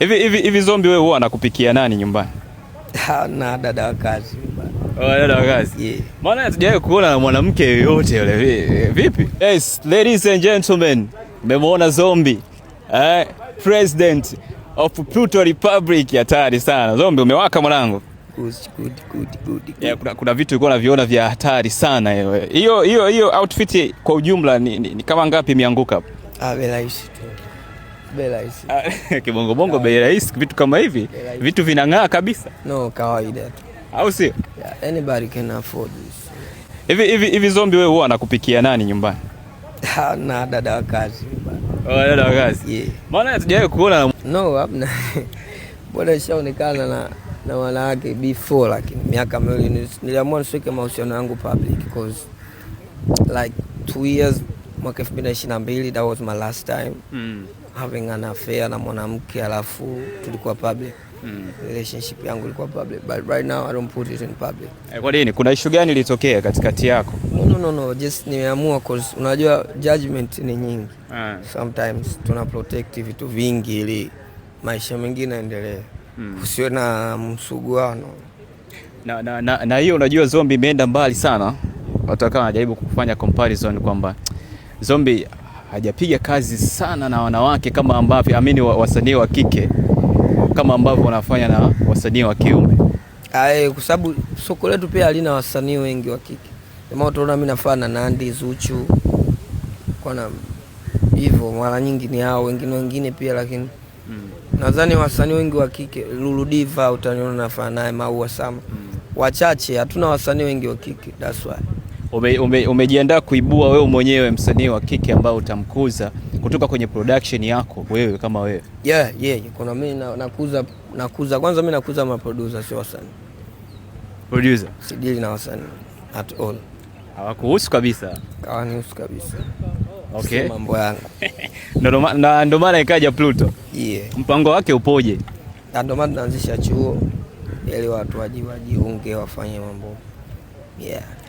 Hivi hivi hivi Zombi, wewe huwa anakupikia nani nyumbani? Hana dada wa kazi Oh, dada wa kazi. Yeah. Maana hatujawahi kuona na mwanamke yoyote yule. Vipi? Yes, ladies and gentlemen, mmemwona Zombi. Eh, president of Pluto Republic. Hatari sana Zombi, umewaka mwanangu. Good, good, good, good. good. Yeah, kuna, kuna vitu ulikuwa unaviona vya hatari sana hiyo hiyo hiyo outfit kwa ujumla ni, ni, ni kama ngapi imeanguka? Ah, rahisi tu. Ah, kibongobongo bei rahisi, vitu kama hivi vitu vinang'aa kabisa. No, kawaida tu, au sio? anybody can afford this. Hivi hivi hivi, Zombi, wewe huwa anakupikia nani nyumbani? Na dada wa kazi. Oh, dada wa kazi. Maana hatujawahi kuona. No, hapana. bora shaonekana na na wanawake before lakini miaka miwili niliamua nisweke mahusiano yangu public because like two years mwaka elfu mbili na na mbili that was my last time mm. having an affair na mwanamke alafu tulikuwa public mm. relationship yangu ilikuwa public but right now I don't put it in public. Eh, kwa nini? Kuna issue gani ilitokea katikati yako? No, no, no, just nimeamua cause unajua judgment ni nyingi ah. Sometimes tuna protect vitu vingi ili maisha mengine yaendelee mm. usiwe na msuguano na na, na, na hiyo unajua, zombi imeenda mbali sana, watu wakawa wanajaribu kufanya comparison kwamba Zombi hajapiga kazi sana na wanawake kama ambavyo amini wasanii wa kike kama ambavyo wanafanya na wasanii wa kiume, kwa sababu soko letu pia halina wasanii wengi wa kike. Kama utaona mimi nafana na Nandi, Zuchu na hivyo, mara nyingi ni hao wengine wengine pia lakini mm. nadhani wasanii wengi wa kike, Lulu Diva utaniona nafana naye, Maua Sama mm. wachache, hatuna wasanii wengi wa kike that's why umejiandaa ume, ume, kuibua wewe mwenyewe msanii wa kike ambao utamkuza kutoka kwenye production yako wewe kama wewe? Yeah, yeah, kuna mimi na, nakuza nakuza kwanza mimi nakuza ma producer sio wasanii. Producer? Sidili na wasanii at all. Hawakuhusu kabisa. Hawanihusu kabisa. Okay. Mambo yangu. Ndio Na ndio maana ikaja Pluto. Yeah. Mpango wake upoje? Ndio maana tunaanzisha chuo ili watu wajiunge wafanye mambo. Yeah.